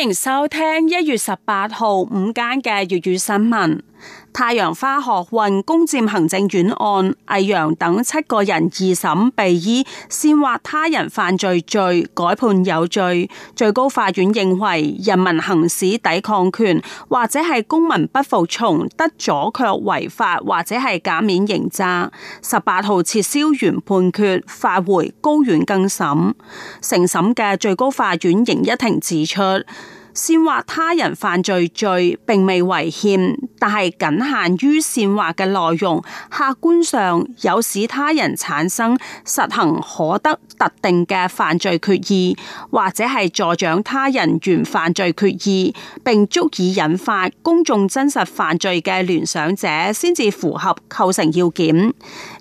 歡迎收聽一月十八號午間嘅粵語新聞。太陽花學運攻佔行政院案，魏揚等七個人二審被依煽惑他人犯罪罪改判有罪。最高法院認為人民行使抵抗權或者係公民不服從得阻卻違法或者係減免刑責。十八號撤銷原判決，發回高院更審。承審嘅最高法院刑一庭指出，煽惑他人犯罪罪，並未違憲，但係僅限於煽惑嘅內容，客觀上有使他人產生實行可得特定嘅犯罪決意，或者係助長他人原犯罪決意，並足以引發公眾真實犯罪嘅聯想者，先至符合構成要件。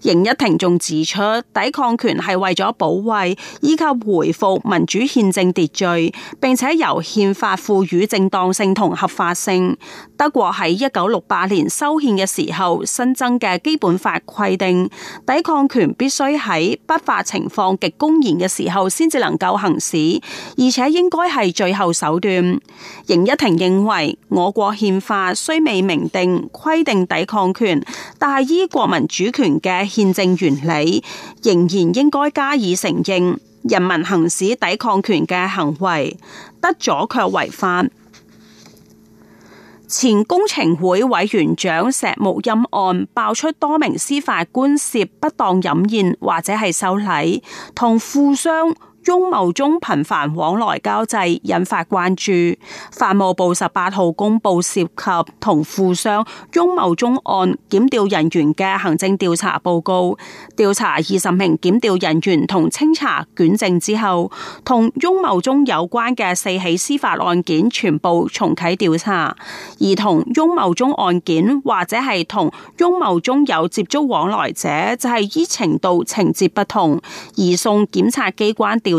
刑一庭仲指出，抵抗權係為咗保衛以及回復民主憲政秩序，並且由憲法賦予正當性同合法性。德國喺一九六八年修憲嘅時候新增嘅基本法規定，抵抗權必須喺不法情況極公然嘅時候先至能夠行使，而且應該係最後手段。刑一庭認為，我國憲法雖未明定規定抵抗權，但係依國民主權嘅。憲政原理仍然應該加以承認，人民行使抵抗權嘅行為得阻卻違法。前工程會委員長石木欽案爆出多名司法官涉不當飲宴或者係受禮同富商，翁茂鍾頻繁往來交際，引發關注。法務部十八號公布涉及同富商翁茂鍾案檢調人員嘅行政調查報告，調查二十名檢調人員同清查卷證之後，同翁茂鍾有關嘅四起司法案件全部重啟調查。而同翁茂鍾案件或者係同翁茂鍾有接觸往來者，就係、是、依程度情節不同，移送檢察機關調。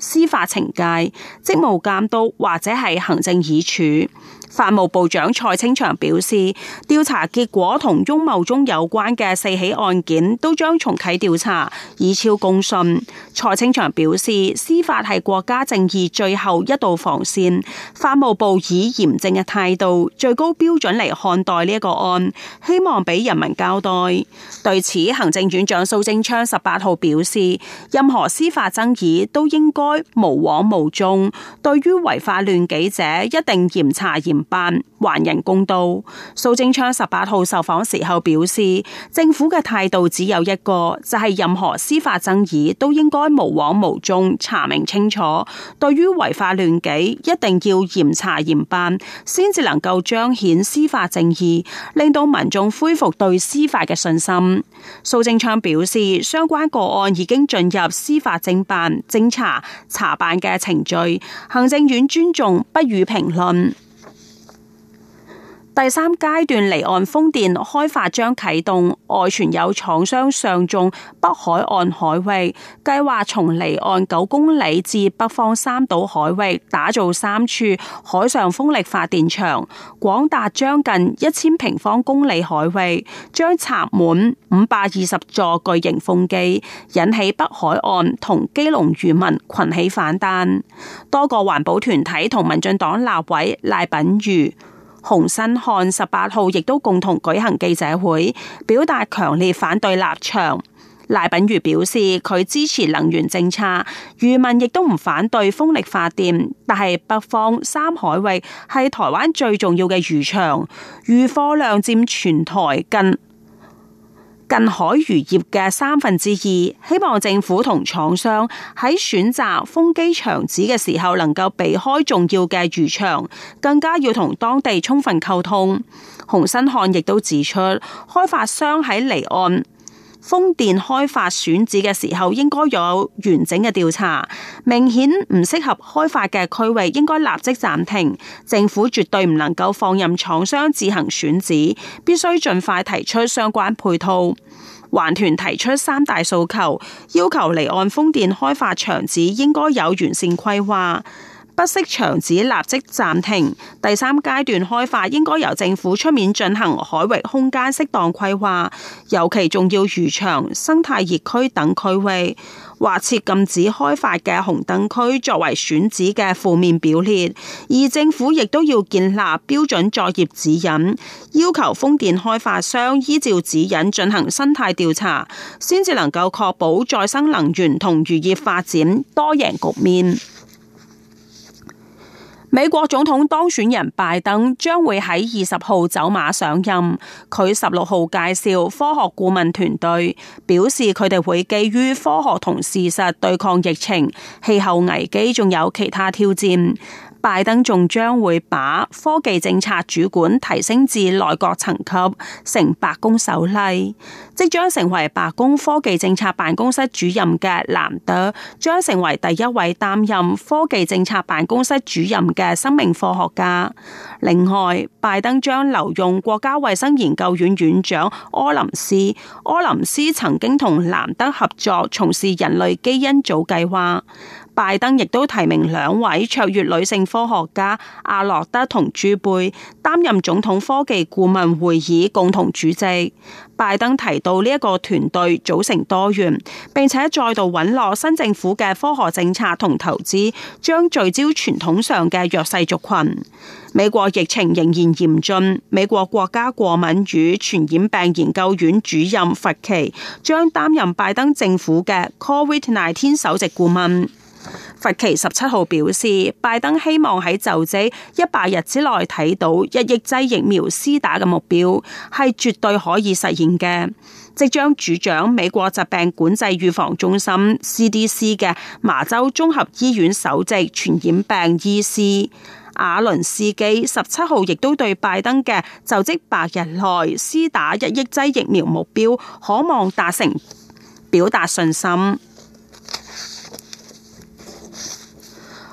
司法懲戒、職務監督或者係行政議處。法務部長蔡清祥表示，調查結果同翁茂鍾有關嘅四起案件都將重啟調查，以超公信。蔡清祥表示，司法係國家正義最後一道防線，法務部以嚴正嘅態度、最高標準嚟看待呢一個案，希望俾人民交代。對此，行政院長蘇貞昌十八號表示，任何司法爭議都應該無枉無縱，對於違法亂紀者，一定嚴查嚴辦，還人公道。蘇貞昌十八號受訪時候表示，政府嘅態度只有一個，就係、是、任何司法爭議都應該無枉無縱查明清楚，對於違法亂紀，一定要嚴查嚴辦，先至能夠彰顯司法正義，令到民眾恢復對司法嘅信心。蘇貞昌表示，相關個案已經進入司法偵辦、偵查。查辦嘅程序，行政院尊重，不予評論。第三階段離岸風電開發將啟動，外傳有廠商上中北海岸海域計劃，從離岸九公里至北方三島海域打造三處海上風力發電場，廣達將近一千平方公里海域將插滿五百二十座巨型風機，引起北海岸同基隆漁民群起反彈，多個環保團體同民進黨立委賴品妤、洪新漢十八號亦都共同舉行記者會，表達強烈反對立場。賴品如表示佢支持能源政策，漁民亦都唔反對風力發電，但係北方三海域係台灣最重要嘅漁場，漁貨量佔全台近。近海漁業嘅三分之二，希望政府同廠商喺選擇風機場址嘅時候能夠避開重要嘅漁場，更加要同當地充分溝通。洪新漢亦都指出，開發商喺離岸。風電開發選址嘅時候應該有完整嘅調查，明顯唔適合開發嘅區域應該立即暫停。政府絕對唔能夠放任廠商自行選址，必須盡快提出相關配套。環團提出三大訴求，要求離岸風電開發場址應該有完善規劃。不識場址立即暫停第三階段開發，應該由政府出面進行海域空間適當規劃，尤其重要漁場、生態熱區等區域，劃設禁止開發嘅紅燈區作為選址嘅負面表列。而政府亦都要建立標準作業指引，要求風電開發商依照指引進行生態調查，先至能夠確保再生能源同漁業發展多贏局面。美國總統當選人拜登將會喺二十號走馬上任。佢十六號介紹科學顧問團隊，表示佢哋會基於科學同事實對抗疫情、氣候危機，仲有其他挑戰。拜登仲將會把科技政策主管提升至內閣層級，成白宮首例。即將成為白宮科技政策辦公室主任嘅蘭德，將成為第一位擔任科技政策辦公室主任嘅生命科學家。另外，拜登將留用國家衛生研究院院長柯林斯，柯林斯曾經同蘭德合作從事人類基因組計劃。拜登亦都提名兩位卓越女性科學家阿諾德同朱貝擔任總統科技顧問會議共同主席。拜登提到呢一個團隊組成多元，並且再度允諾新政府嘅科學政策同投資，將聚焦傳統上嘅弱勢族群。美國疫情仍然嚴峻，美國國家過敏與傳染病研究院主任佛奇將擔任拜登政府嘅 COVID-19 首席顧問。佛奇十七號表示，拜登希望喺就職一百日之內睇到一億劑疫苗施打嘅目標係絕對可以實現嘅。即將主掌美國疾病管制預防中心 CDC 嘅麻州綜合醫院首席傳染病醫師瓦倫斯基十七號亦都對拜登嘅就職百日內施打一億劑疫苗目標可望達成表達信心。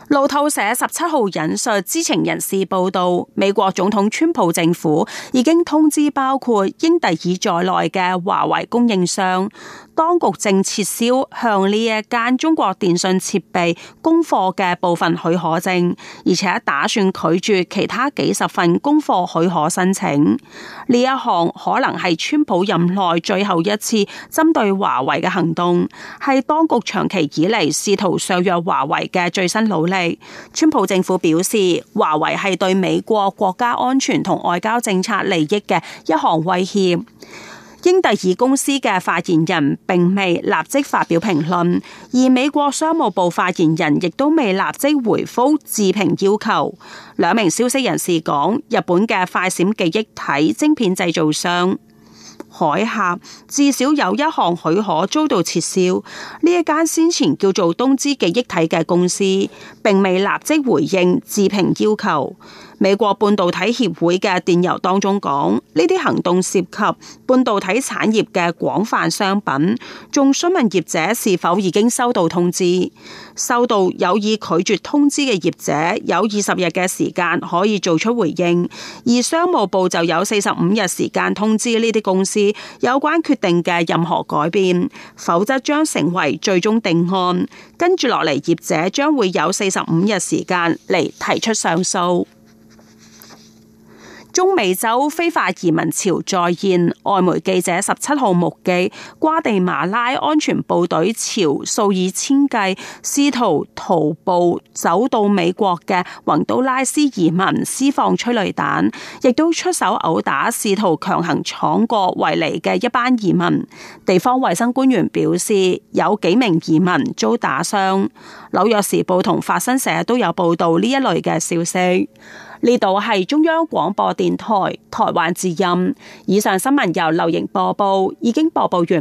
路透社十七號引述知情人士報道，美國總統川普政府已經通知包括英特爾在內嘅華為供應商。當局正撤銷向呢一間中國電信設備供貨嘅部分許可證，而且打算拒絕其他幾十份供貨許可申請。呢一項可能係川普任內最後一次針對華為嘅行動，係當局長期以嚟試圖削弱華為嘅最新努力。川普政府表示，華為係對美國國家安全同外交政策利益嘅一項威脅。英特爾公司嘅發言人並未立即發表評論，而美國商務部發言人亦都未立即回覆置評要求。兩名消息人士講，日本嘅快閃記憶體晶片製造商海峽至少有一項許可遭到撤銷。呢一間先前叫做東芝記憶體嘅公司，並未立即回應置評要求。美國半導體協會嘅電郵當中講，呢啲行動涉及半導體產業嘅廣泛商品，仲詢問業者是否已經收到通知。收到有意拒絕通知嘅業者有二十日嘅時間可以做出回應，而商務部就有四十五日時間通知呢啲公司有關決定嘅任何改變，否則將成為最終定案。跟住落嚟，業者將會有四十五日時間嚟提出上訴。中美洲非法移民潮再現，外媒記者十七號目擊瓜地馬拉安全部隊朝數以千計試圖徒步走到美國嘅宏都拉斯移民施放催淚彈，亦都出手毆打試圖強行闖過圍籬嘅一班移民。地方衛生官員表示，有幾名移民遭打傷。紐約時報同法新社都有報道呢一類嘅消息。呢度係中央廣播電台台灣之音。以上新聞由劉瑩播報，已經播報完。